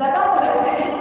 Zaten para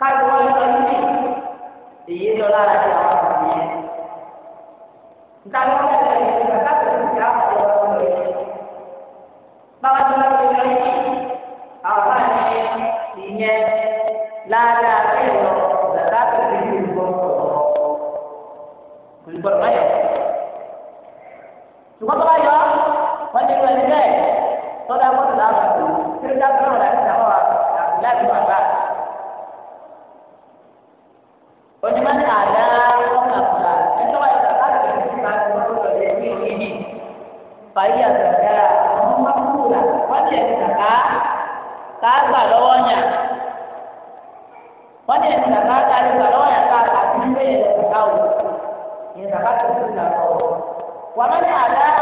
káàdì wọn lọ sí èyí lọ lára ti àwọn ọmọ yẹn nítorí wọn lọ sí tó ti ká àwọn ọmọ yẹn báwa tó lọ lọ sí àwọn ọmọ yẹn ìyẹn lára ẹ̀rọ kàkà tó ti di ìbọn kò gbọdọ̀ báyọ̀ ṣùgbọ́n báwa. wàmẹ́lẹ́ àlá.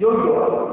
yóò yọ ọ́.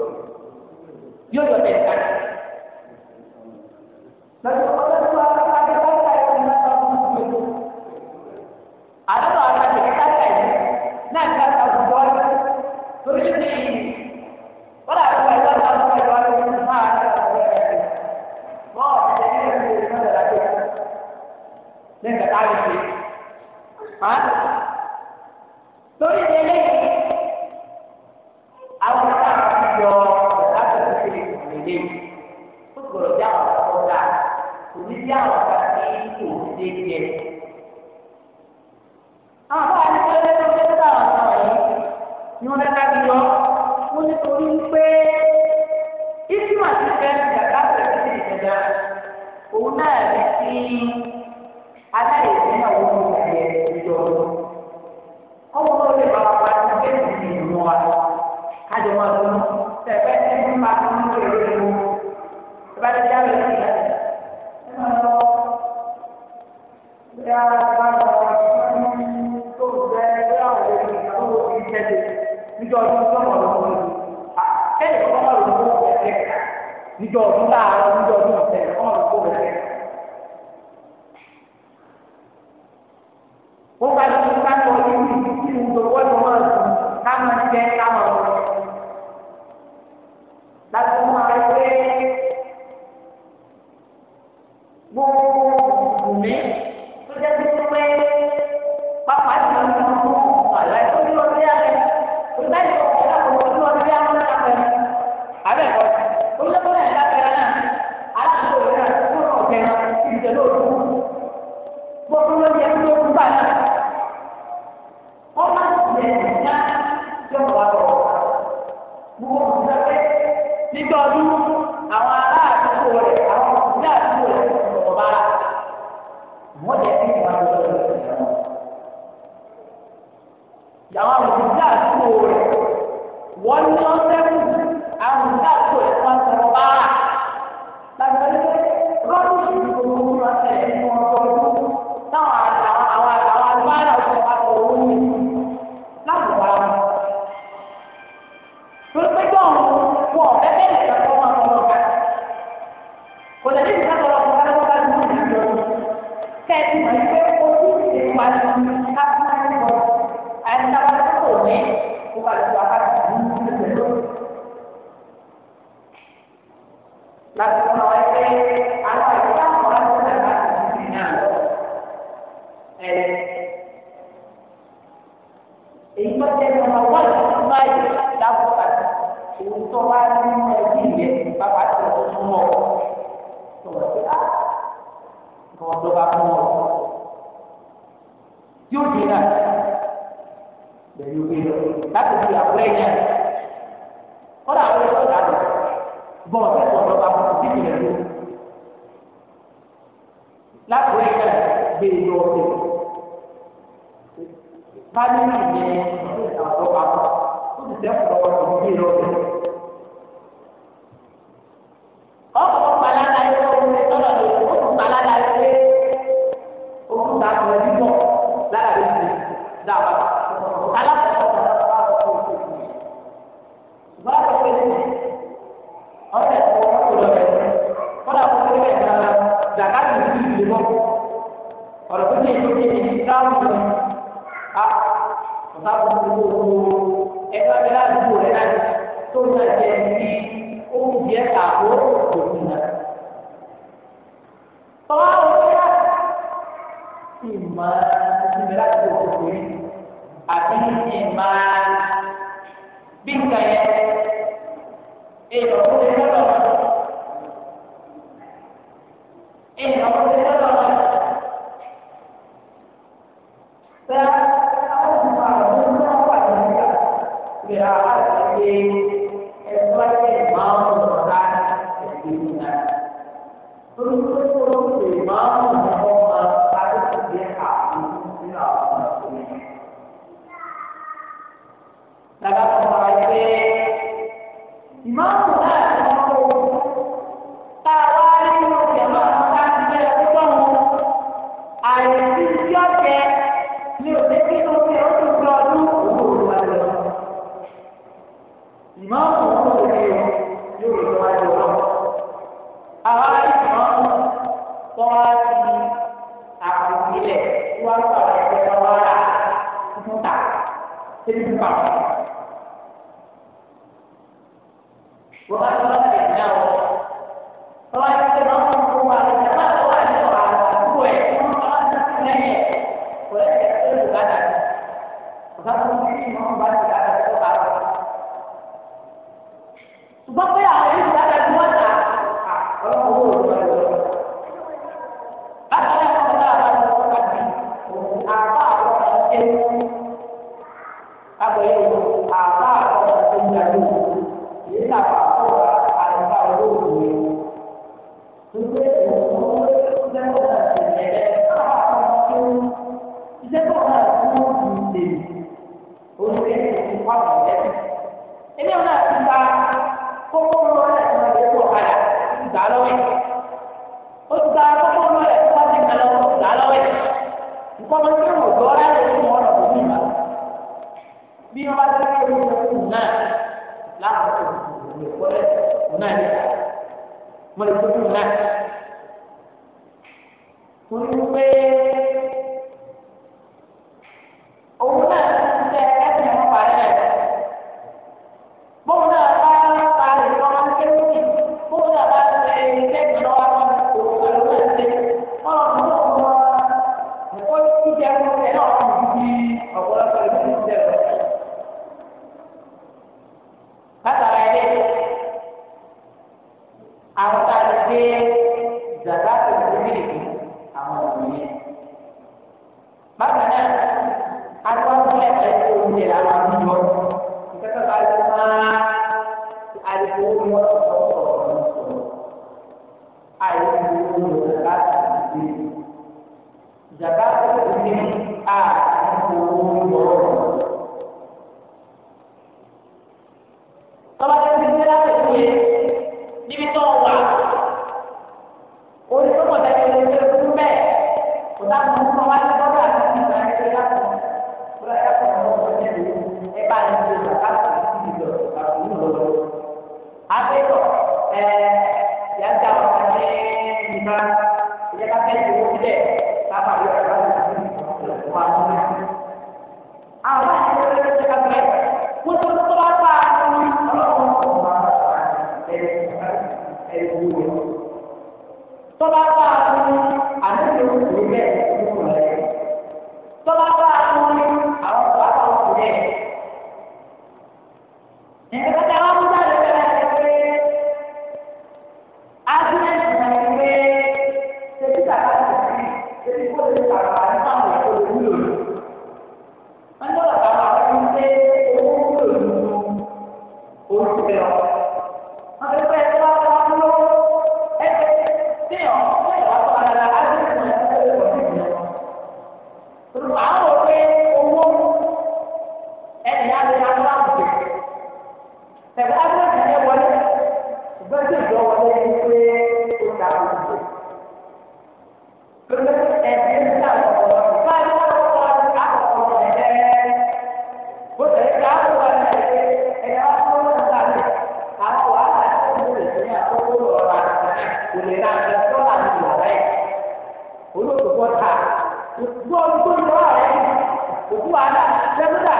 bá nínú ìyẹn àtọ́pàá ó sì sẹ́kù lọ́wọ́ tó ń gbé lọ́wọ́ 坚持吧，我。Yeah. bó tẹ̀ ẹ́ ká ló wà ní ẹ̀ ẹ̀ wá tó ń ta ní àwọn wàhálà tó ń lè ní àkókò ọ̀rọ̀ kò lè ra ẹ̀ tó là ní ìlà rẹ̀ olóòtú bọ́ta gbọ́ gbọ́ ìlú ọ̀rẹ́ òkú wàhálà lẹ́gbẹ̀dà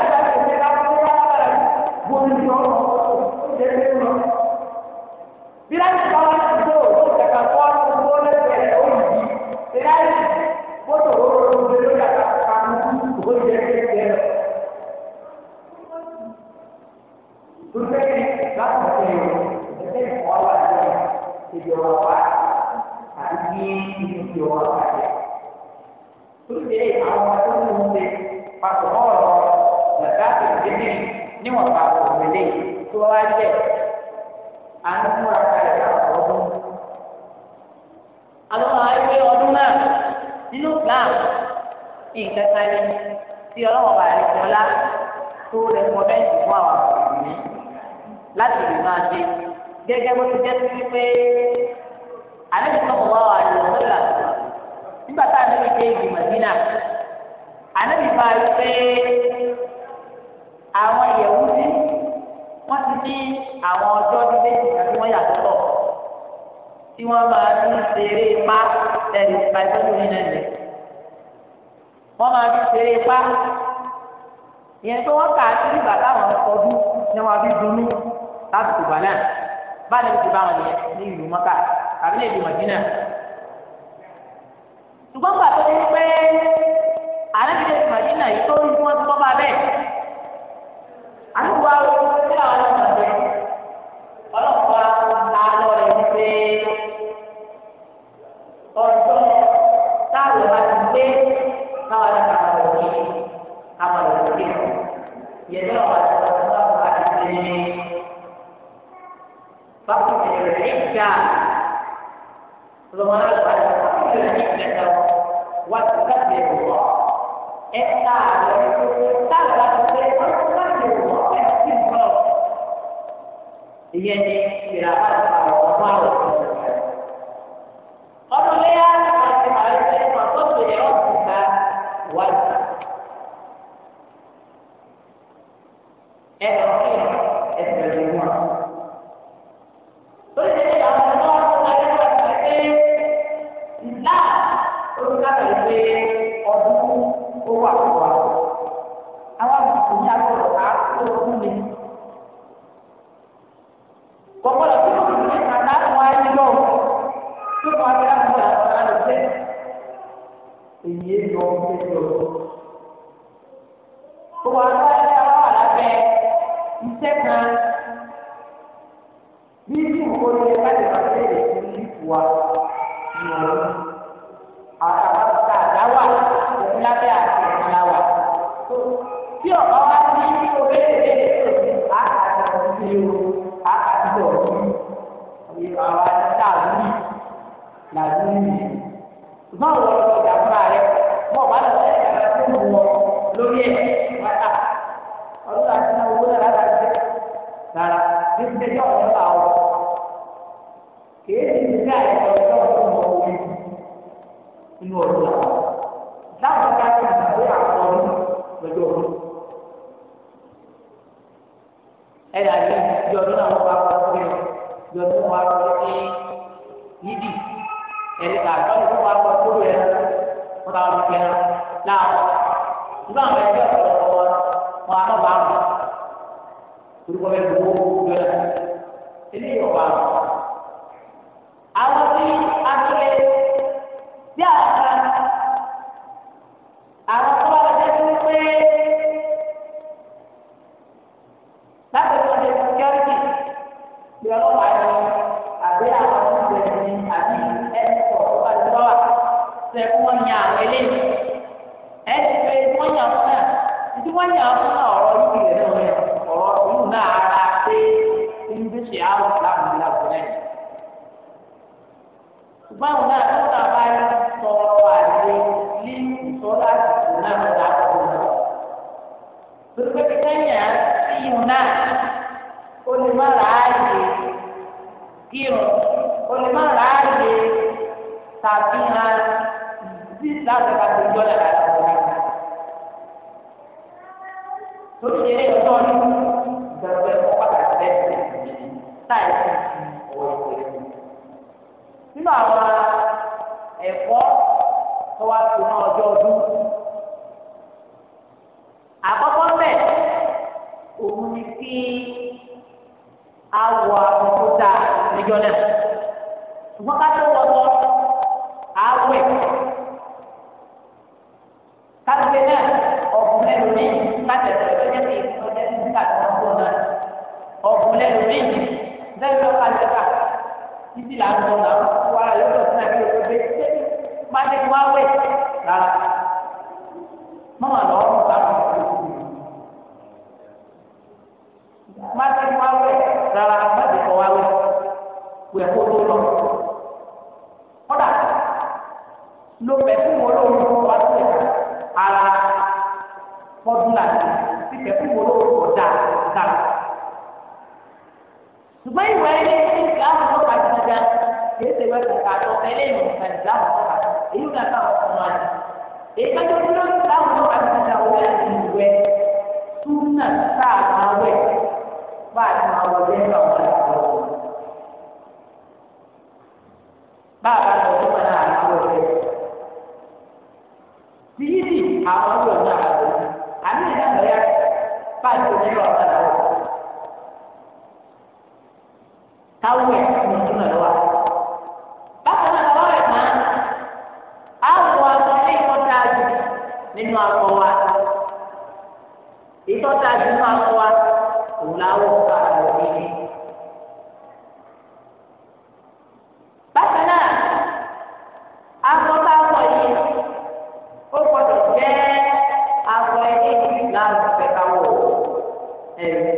gẹ́gẹ́ bó ti jẹ́ sí pé àlejò sọ̀rọ̀ wá wà lọ sọ́là nígbà tá a níbi dé ìgbìmọ̀ dínà àlejò bá rí pé àwọn ìyẹ̀wù sí wọ́n ti ní àwọn ọjọ́ ní méjì àti wọ́n yàtọ̀ tọ̀ tí wọ́n máa fi ṣeré ipá ẹ̀rù ìpàdánù nínú ẹ̀ wọ́n máa fi ṣeré ipá ìyẹn tó wọ́n kà á sí ìgbà táwọn ọdún ni wọ́n fi dunú láti tùbà náà bá lè ti bá wọn yẹn ní ìlú mọ́kà àbí lè di mọ̀dínà. ṣùgbọ́n gbà tó ní pé àrẹ́bí lè di mọ̀dínà yìí tó ń wọ́n ọdún láti náà owó náà lára rárá bí ṣe yọ ọ̀rẹ́ bá wọ. kìí ṣe ní àìsàn ọjọ́ ọdún mọ omi inú ọdún làwọn. láwọn ká ní ìgbàgbé àwọn ọdún lọ́jọ́ ọdún. ẹ yà ní ìdí ọdún náà wọ́n bá wọ́n fún mi ìdí ọdún wọn wá wọ́n ní yídì ẹ̀rí ká lọ́dún wọn fún mi ẹ̀ wọ́n bá ẹ̀ láwọn. nígbà wọn wọn àná bá wọn turukọ bẹ gbogbo gbogbo la ilé yóò bá wọn. àwọn tí a ti lè bí àwọn kan àwọn tó bá wọlé tó pé láti tó lè fún kẹ́rìkì ìrọ̀lọ́wọ́ àyọ̀ àbí àwọn tó lè ní àbí ẹ̀sọ̀ tó bá ti bá wọn ní àwọn eléyìí ẹ̀sìn pé wọ́n yàn fún tí wọ́n yà ọ́ náà ọ̀rọ̀ yìí rẹ̀ náà yẹ ọ̀rọ̀ òun náà ara pé ń bí ṣe àwọn ìlànà ìlànà náà. ṣùgbọ́n àwọn náà tó ta bá yẹ sọ ọ̀rọ̀ àlè ní ìsọ́lá ìsìn náà ló dá ọ̀rọ̀ náà. pépé kẹ́nyà sí ìhùn náà ó lè má ráàyè kírun ó lè má ráàyè tàbí hàn sí ìsìláàbù àti ìjọ́lẹ̀ àti ìjọ́lẹ̀ tó ti yẹ ẹ̀yọ́ tọ́ni gbẹgbẹ ọ̀padà bẹ́ẹ̀ bẹ́ẹ̀ láì fi ọ̀rọ̀ ìpè nínú àwọn Hey.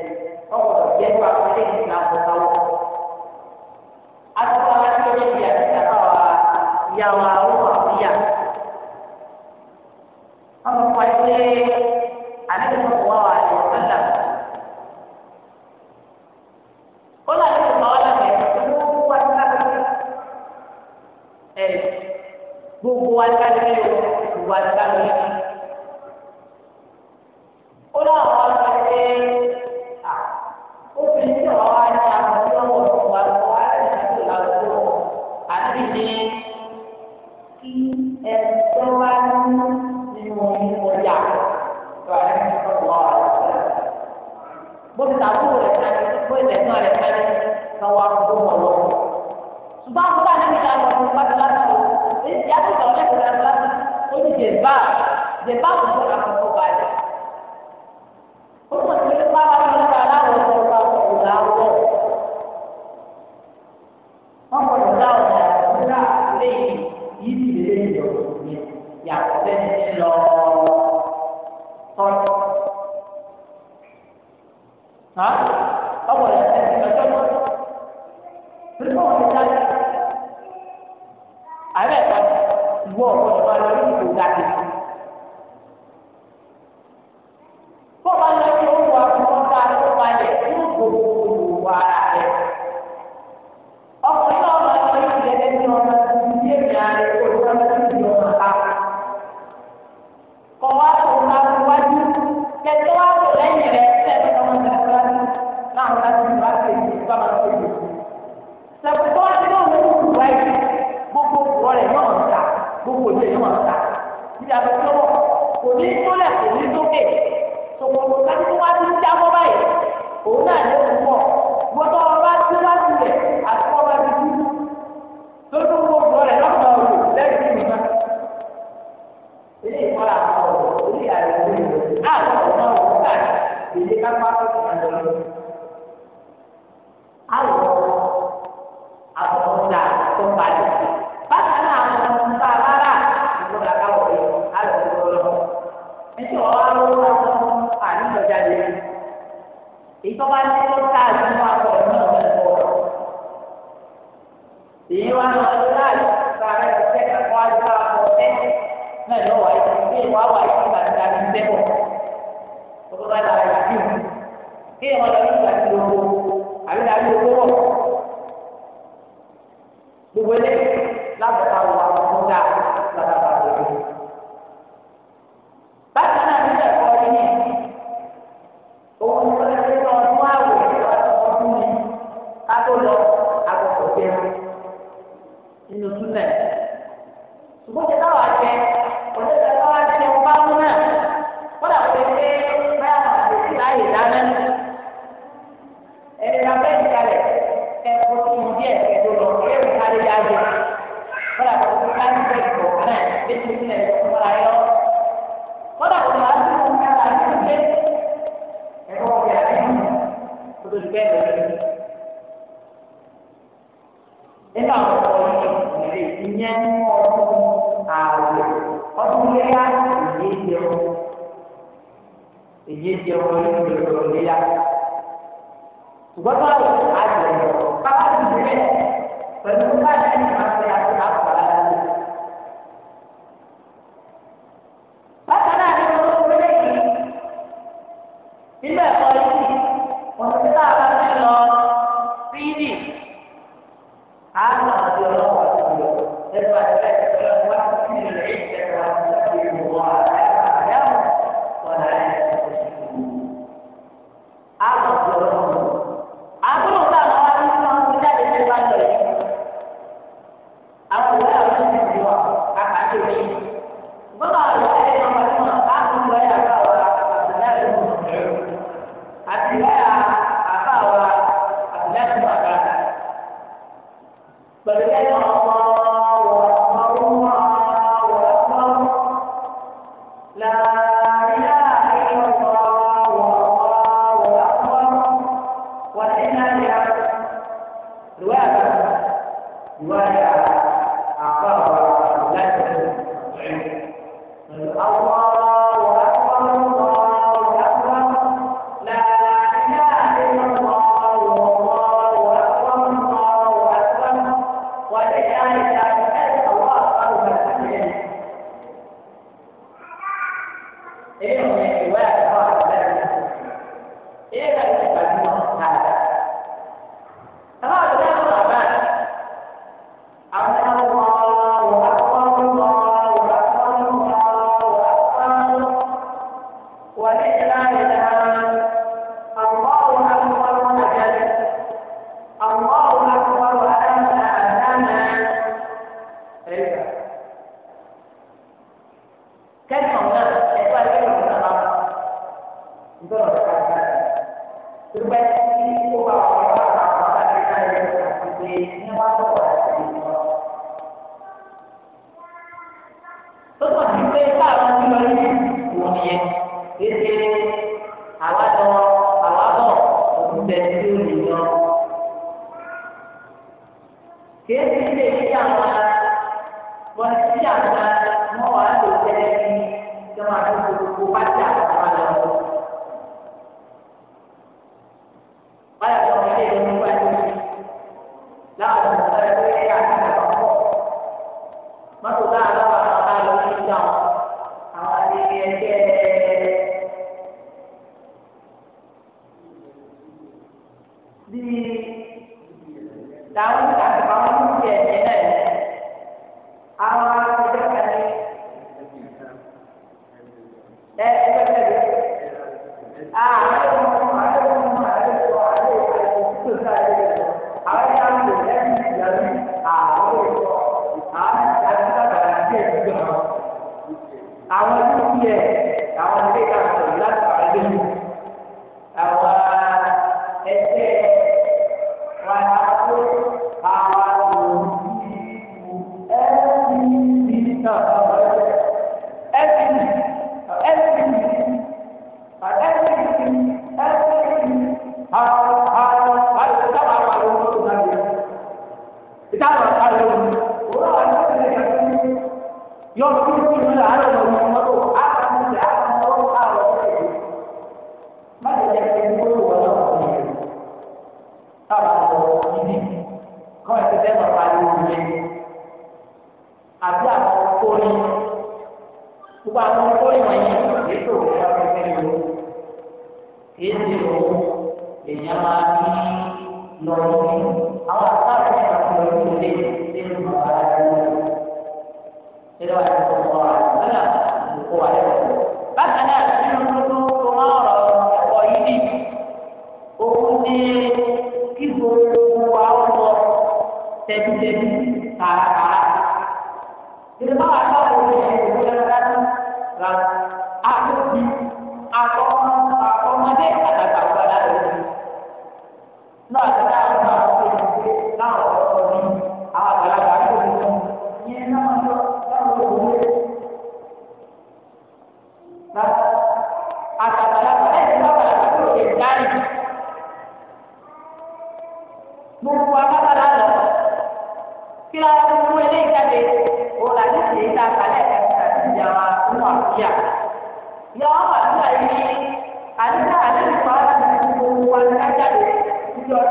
tó ti bẹ́ẹ̀ lọ́wọ́. nínú àwọn ọmọ ìrè ìyẹn ní ọdún ààrẹ ọdún léyà èyí jẹun èyí jẹun ní ìrọ̀lẹ́ léyà. ṣùgbọ́n báwo àjẹ̀wò bá wà ní ìrẹ́ pẹ̀lú báyìí ní ìgbà tó yà kó àpò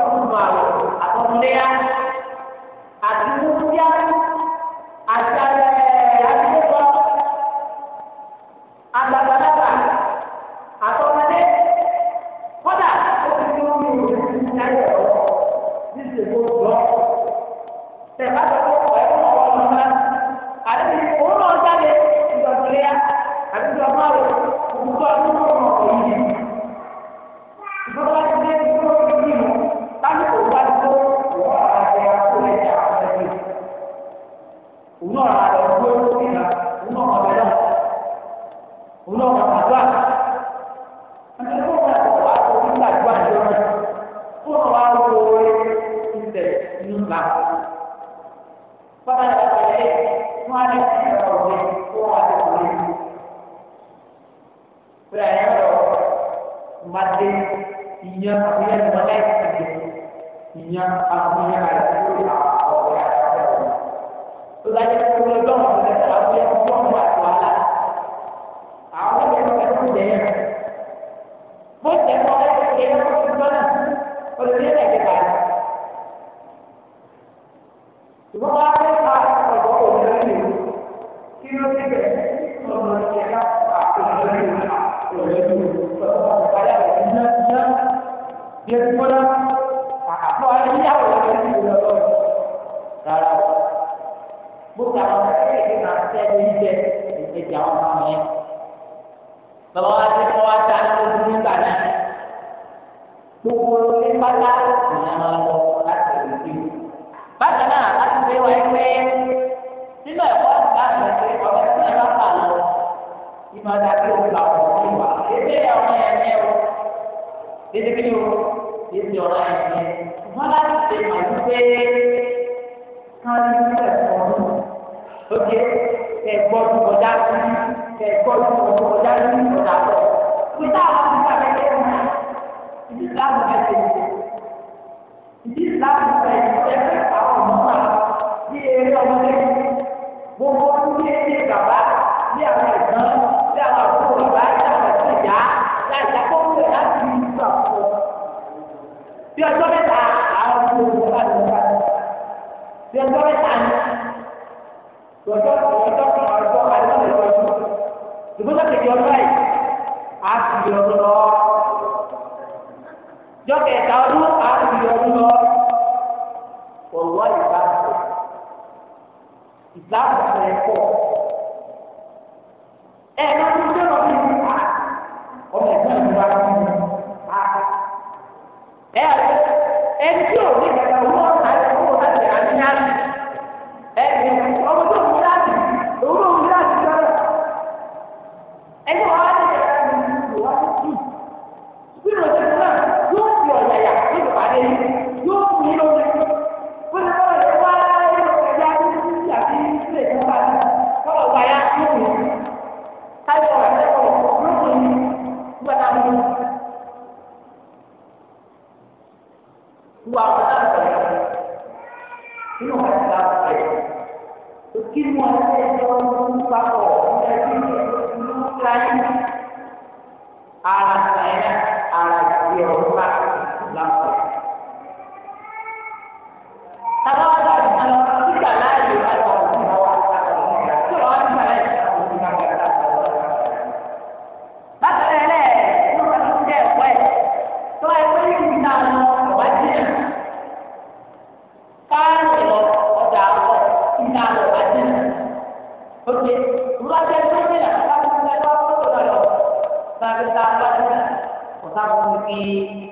ọmọ ọmọ atau ọmọdé yá nínú ọ̀rẹ́ bá pẹ̀ tó mú ọ̀rẹ́ ẹjọ́ ń papọ̀ ọ̀rẹ́ tí ìlú ká yín ara sàyẹn ara ìgbé ọ̀rọ̀ bá lápẹ̀. في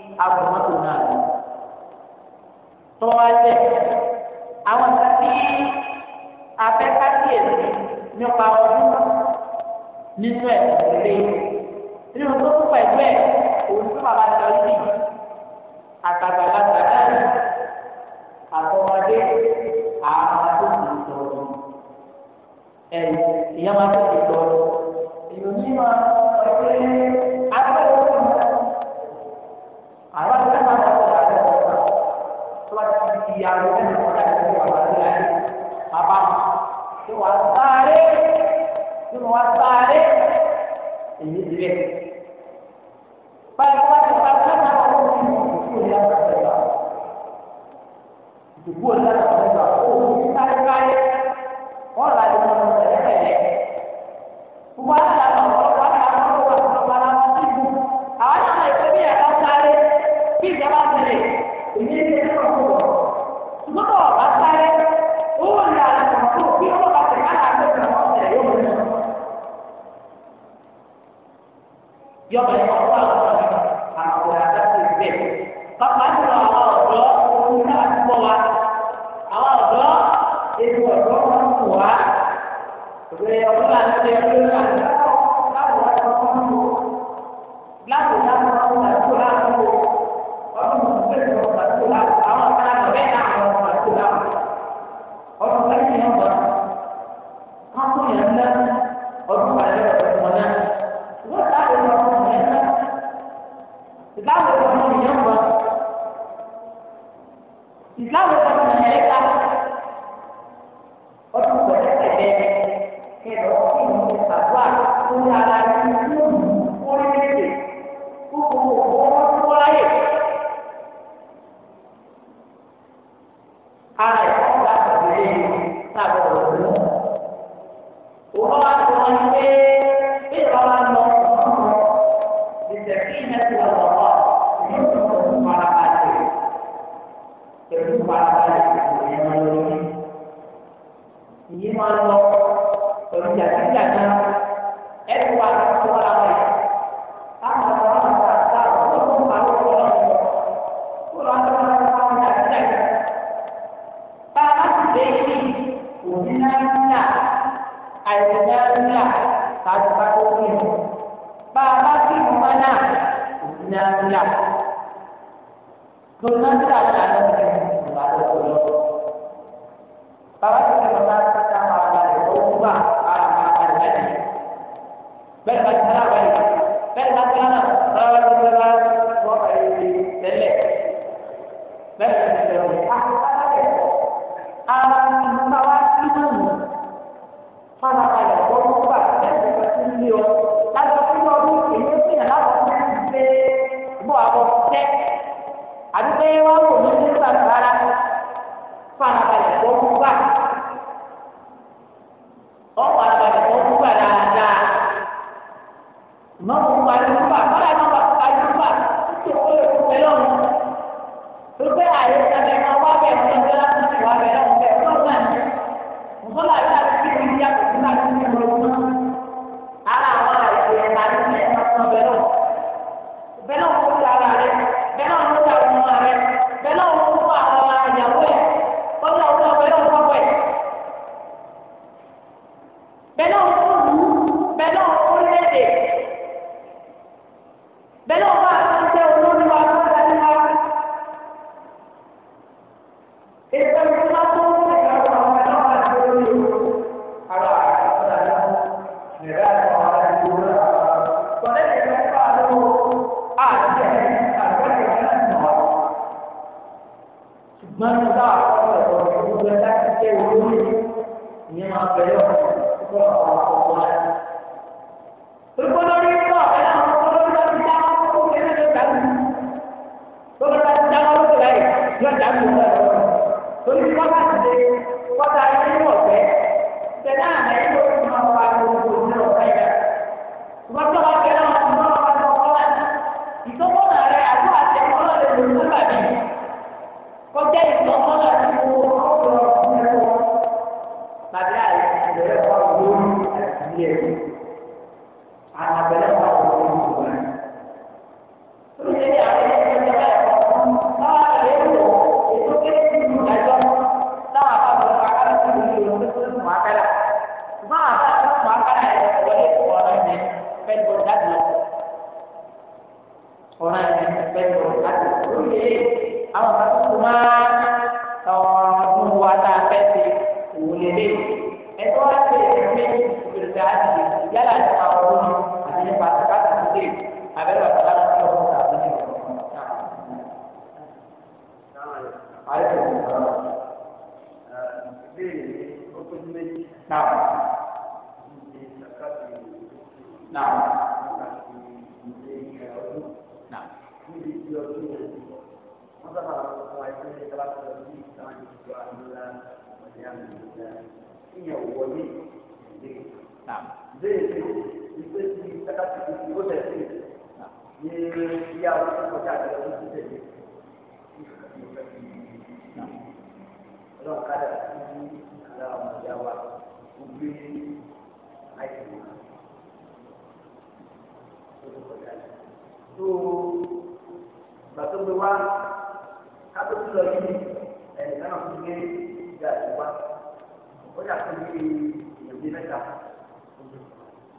ó yàtọ̀ ní ìyẹ̀bí mẹ́ta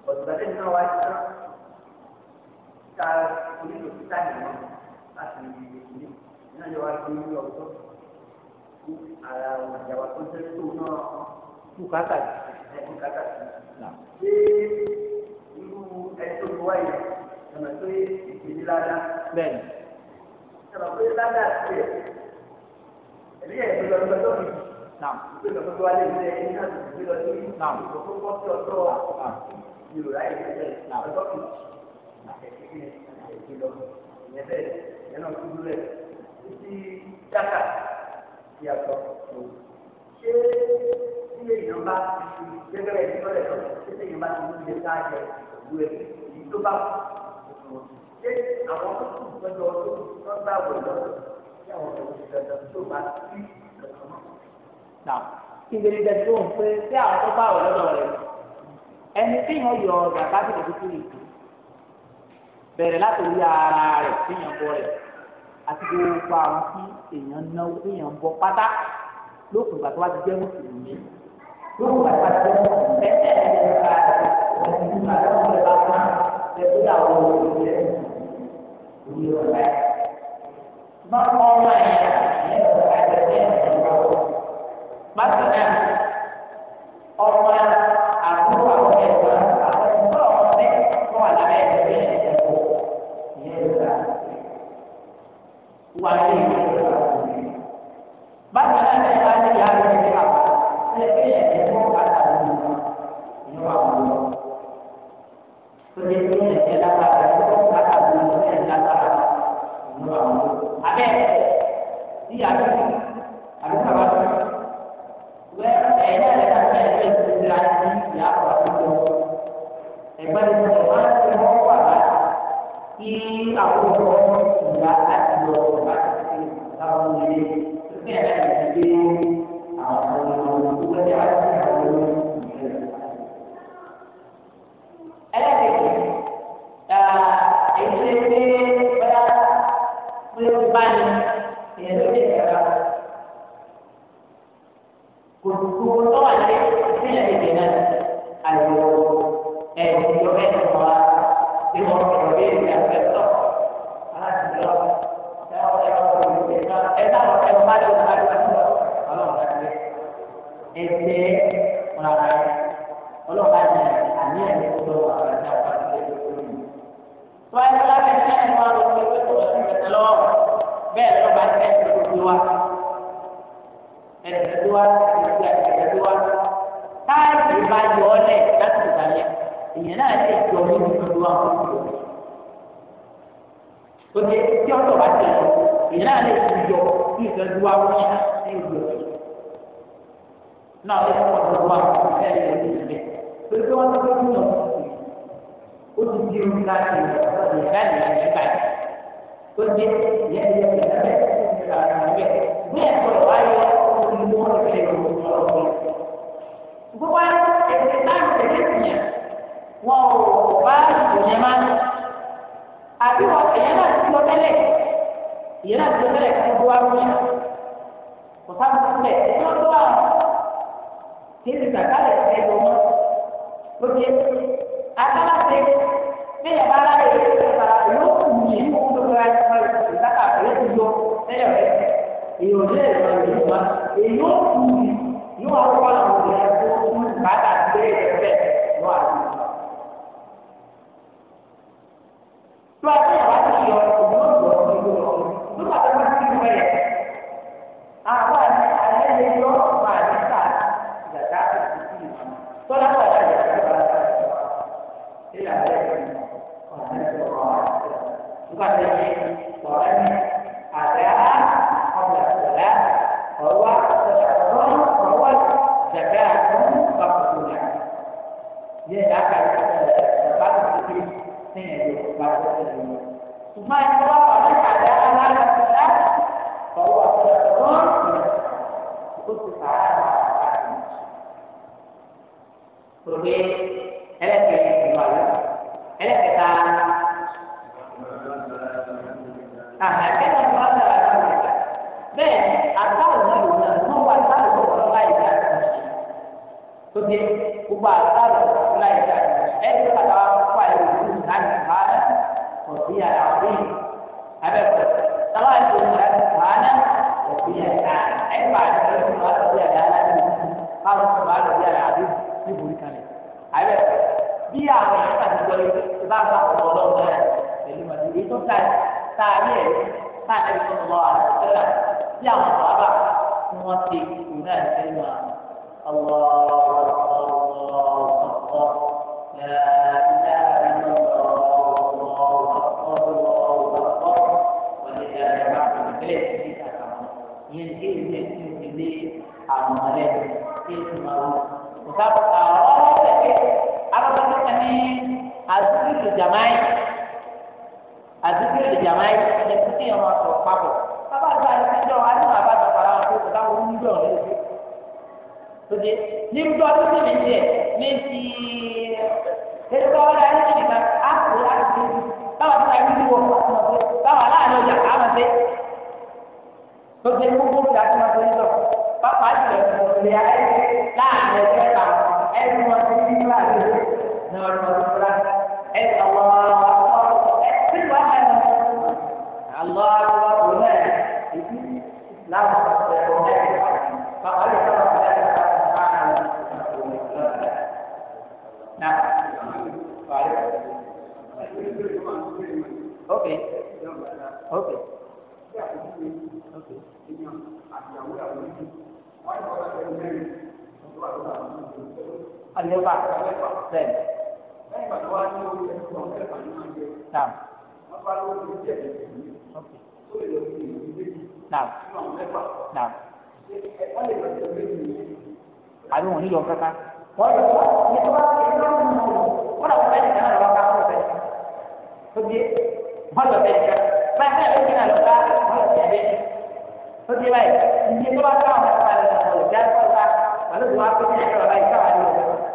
ọ̀dùnàdé náà wáyé tán ká onílò títà nìmọ̀ láti ìlú náà yọ wá sí ilé ọ̀tọ̀ kú ara ìjàwá tó ń tẹ́lẹ̀ tó náà kú kátà sí kú kátà sí. ṣé irú ẹni tó ti wáyé ọ̀nà tó yé ìpèsè ládàá. bẹ́ẹ̀ni. ṣàlàyé ládàá sí ẹ̀ ẹ̀rí ẹ̀ lọ́dọ̀ lọ́dọ̀ mi. Nam. Ṣé ìgbà tó wá lé ilé ẹni náà ti gbé lọ sí? Nam. Òkú kọ́ sí ọ̀dọ́ wa. Nam. Yorùbá yìí ti bẹ̀rẹ̀. Nam. Ọjọ́ kejì. Àtẹ̀kẹ́ ẹ̀jẹ̀ lọ. Ìyẹn bẹ́ẹ̀ ìyẹn náà kúrú rẹ̀. Títí dákà ti àtọ̀. Ṣé ilé ìyàn bá ti gẹ́gẹ́ ẹni lọ́lẹ̀ lọ? Ṣé ilé ìyàn bá ti mú ilé sáájẹ ìlú ẹ̀ èyí tó bá ṣé àwọn tó kù tọ́jú ọdún tó ń bá nà kí gbèrè dẹ tó ń pé sí àwọn tó bá wọ lọ́dọ̀ rẹ̀ ẹni tí yàn yọ ọ̀dà kábí lè tuntun yìí tó bẹ̀rẹ̀ láti orí ara rẹ̀ tí yàn bọ̀ rẹ̀ àti gbogbo àwọn tí èèyàn náwó tí yàn bọ̀ pátá lókùn ìgbà tó wá ti jẹ́ mùsùlùmí lókùn ìgbà tó wá ti jẹ́ mùsùlùmí ẹ̀ẹ́dẹ̀ ẹ̀ẹ́dẹ̀ ẹ̀ẹ́dẹ̀ ẹ̀ẹ́dẹ̀ ẹ̀ẹ́dẹ̀ ẹ̀ẹ́dẹ̀ ẹ̀ẹ́dẹ̀ ẹ̀ẹ́dẹ̀ ẹ̀ẹ́dẹ̀ ẹ̀ẹ́dẹ̀ bákan náà ọmọ àbúrò àwọn ẹ̀gbọ́n àwọn ẹ̀gbọ́n ọmọ bẹ́ẹ̀ tó tẹ́lẹ̀ ìyẹn náà ti tẹ́lẹ̀ kí wọ́n wá lóyún kò sábà tẹ́lẹ̀ ìjọ tó wà kí n sà kálẹ̀ ẹ̀ lọ mọ́ lókè akálàsẹ̀ bẹ́ẹ̀ bá ara rẹ̀ ìfara yóò kù yẹ kó tó bá ara rẹ̀ fara yóò sábà yóò kù yọ bẹ́ẹ̀ rẹ̀ èyí ò ní ẹ̀rọ yìí wá èyí ó kù yìí yóò wá wọ́n àwọn obìnrin tó kú bàtà bẹ́ẹ̀ bẹ́ẹ̀ porque ní borí kalẹ̀ àbẹ bí àwọn èèyàn bá ti gbọ́ yìí ti bá bá ọmọ ọlọ́run náà pẹ̀lú màdì èyí tó ta ta ní ẹ̀ tá a lè sọ̀rọ̀ lọ àti sẹ́lá bí àwọn ọ̀rọ̀ àbá tí wọ́n ti kù náà ní sẹ́yìn wọn ọlọ́ Thank you nǹkan àwọn ọmọ tẹ̀lé alábàtà kan ní àdúgbò jàmáì àdúgbò jàmáì ẹ̀ ti tẹ̀yàn máa sọ̀rọ̀ papọ̀ bàbá àgbà àti ìjọ wa ní bàbá àgbà fara wọn kó kó níjọ rẹ lójú lóde níjọ tó ti lè jẹ ní ti ẹgbẹ́ ọ̀rẹ́ ayé ti nìkan á kó láti fi báwa tó ta ẹni tí wọ́n fọ́ àti wọn pé báwa láàrin ọjà àmọ̀ pé lóde gbogbo ìdásí wọn tó ń sọ̀rọ̀ pápá jùlọ ìgbòkèlè ayé láàrin ẹgbẹ́ kan ẹni wọn ti ní kíláàsì ní ọdún ọdún rà ẹ àwọn ọkọ ẹ ti wá ẹnu àlọ́ àwọn ọkọ náà èyí láwọn ọkọ ẹ̀rọ ẹ̀rọ pápá jùlọ ọkọ ẹ̀rọ Okay. Okay. Okay. àlẹ́bà bẹ́ẹ̀. lẹ́yìn ìgbà tó wá ní orí ẹni tó ń fẹ́ fà ní máa jẹ. náà. wọ́n bá lórí orí jẹ̀ lẹ́yìn. lọ sí ìlú méjì. náà. nínú àwọn náà. ẹ̀ka lè lọ sí ìlú méjì yẹn. àbí wọn tó bá ti wọn ká wọ́n lọ bẹ́ẹ̀ nìkan. báyìí bẹ́ẹ̀ nìkan wọ́n lọ bẹ́ẹ̀ nìkan. ó di báyìí ìdí tó ká wọn kọ́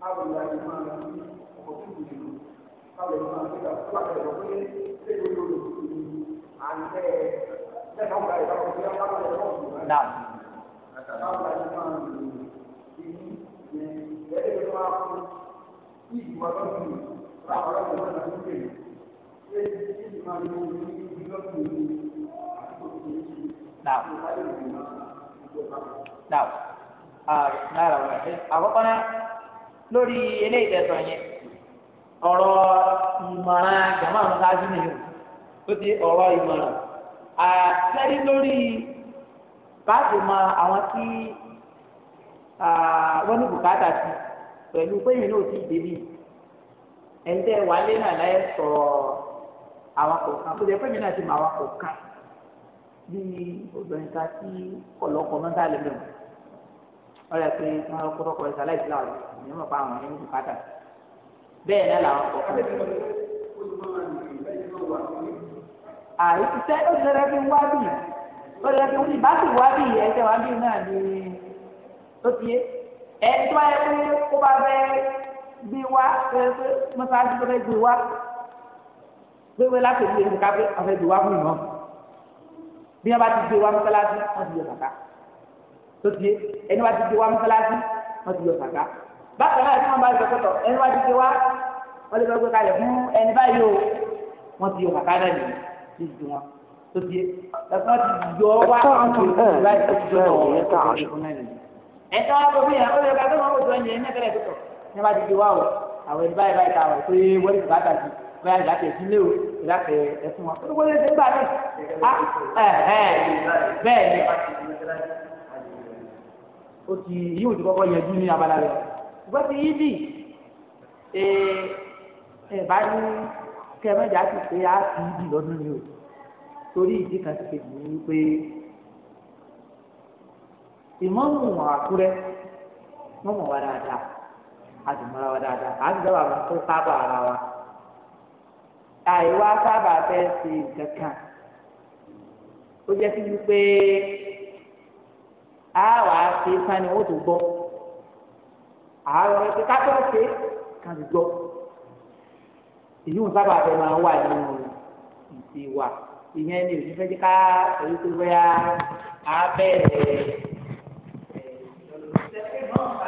àwòrán yìí máa lọ sí ọkọ̀ tó kù jùlọ àwòrán máa fi Now, now, uh, now, uh, lórí eléyìí tẹ̀sán yẹn ọ̀rọ̀ ìmọ̀ràn jàmá àwọn káàdì nìyẹn ó ti ọ̀rọ̀ ìmọ̀ràn àtẹ́rí lórí báàbò mọ àwọn tí wọ́n ní bùkátà sí pẹ̀lú péyìn náà ti débì ẹ̀ńtẹ́ wálé náà láyé sọ̀rọ̀ àwọn kọ̀ọ̀kan tó jẹ́ péyìn náà ti mọ àwọn kọ̀ọ̀kan bíi obìnrin ká sí ọ̀lọ́kọ̀ọ́ mọ́tàlẹ́mẹ̀mọ́ wọ́n yà pé wọ́n kó tọkọ ẹ̀sà láìsí làwọn ènìyàn mọ̀ pa àwọn ẹni ní bùkátà bẹ́ẹ̀ náà làwọn kọ̀. àyè ti sẹ́ ó ti sẹ́rẹ́ fi wá bì ó ti fi bá sì wá bì ẹ̀sẹ̀ wá bì náà ni ó ti yé ẹ̀ tó bá yẹ pé kó bá fẹ́ gbé wá ẹ̀ pé mọ́sáájú tó fẹ́ gbé wá gbégbé láti ìlú èdè káfí afẹ́ gbé wá fún ìmọ̀ bí wọ́n bá ti gbé wá mọ́sáájú tó ti ẹni wá ti di wá mọ́sálásí wọ́n ti yọ sàká bákan náà ẹni wọ́n bá yọ sọ́tọ̀ ẹni wá ti di wá wọ́n lè fẹ́ gbé kalẹ̀ fún ẹni báyìí o wọ́n ti yọ sàká náà nìyí ti di wọn tó ti ẹ̀fọ́ ti yọ wá láì tó ti yọ ọ̀rọ̀ ẹ̀ tó ti yọ náà nìyí. ẹ̀ka wọn bọ̀ bíyà ó lè ka tó wọn kò tó ẹ̀yìn ẹ̀yìn mẹ́tẹ́lẹ̀ tó tọ̀ ẹni wá ti di wá o àwọn ẹni báyìí báyìí ta wọ̀ pé wọ́n ti bàtà sí báyà ìlà tẹ̀ sílé o wọn o ti yíò ti kọ́kọ́ yẹjú ní abala rẹ̀ ṣùgbọ́n ti yí bì ee ẹ bá ní kẹmẹ́jà ti pé á ti yí bì lọ́dún ni o torí ìdí kan ti fi dùn ún pé ìmọ̀mù àkúrẹ́ mọ̀mù wa dáadáa a sì mọ̀ra wa dáadáa a sì dábàá máa tó sábà ara wa àìwá sábà fẹ́ ṣe nǹkan ó jẹ́ sí wípé á wà á ṣe sani wọ́n tó gbọ́ àwọn ẹ̀ṣẹ̀ kátó ṣe kàn ti gbọ́ èyí ń sábà fẹ́ máa wà nínú ìṣe wa ìyẹn ni òṣìṣẹ́ jẹ́ ká èyí tó bẹ́yà á bẹ̀rẹ̀ ẹ̀ ẹ̀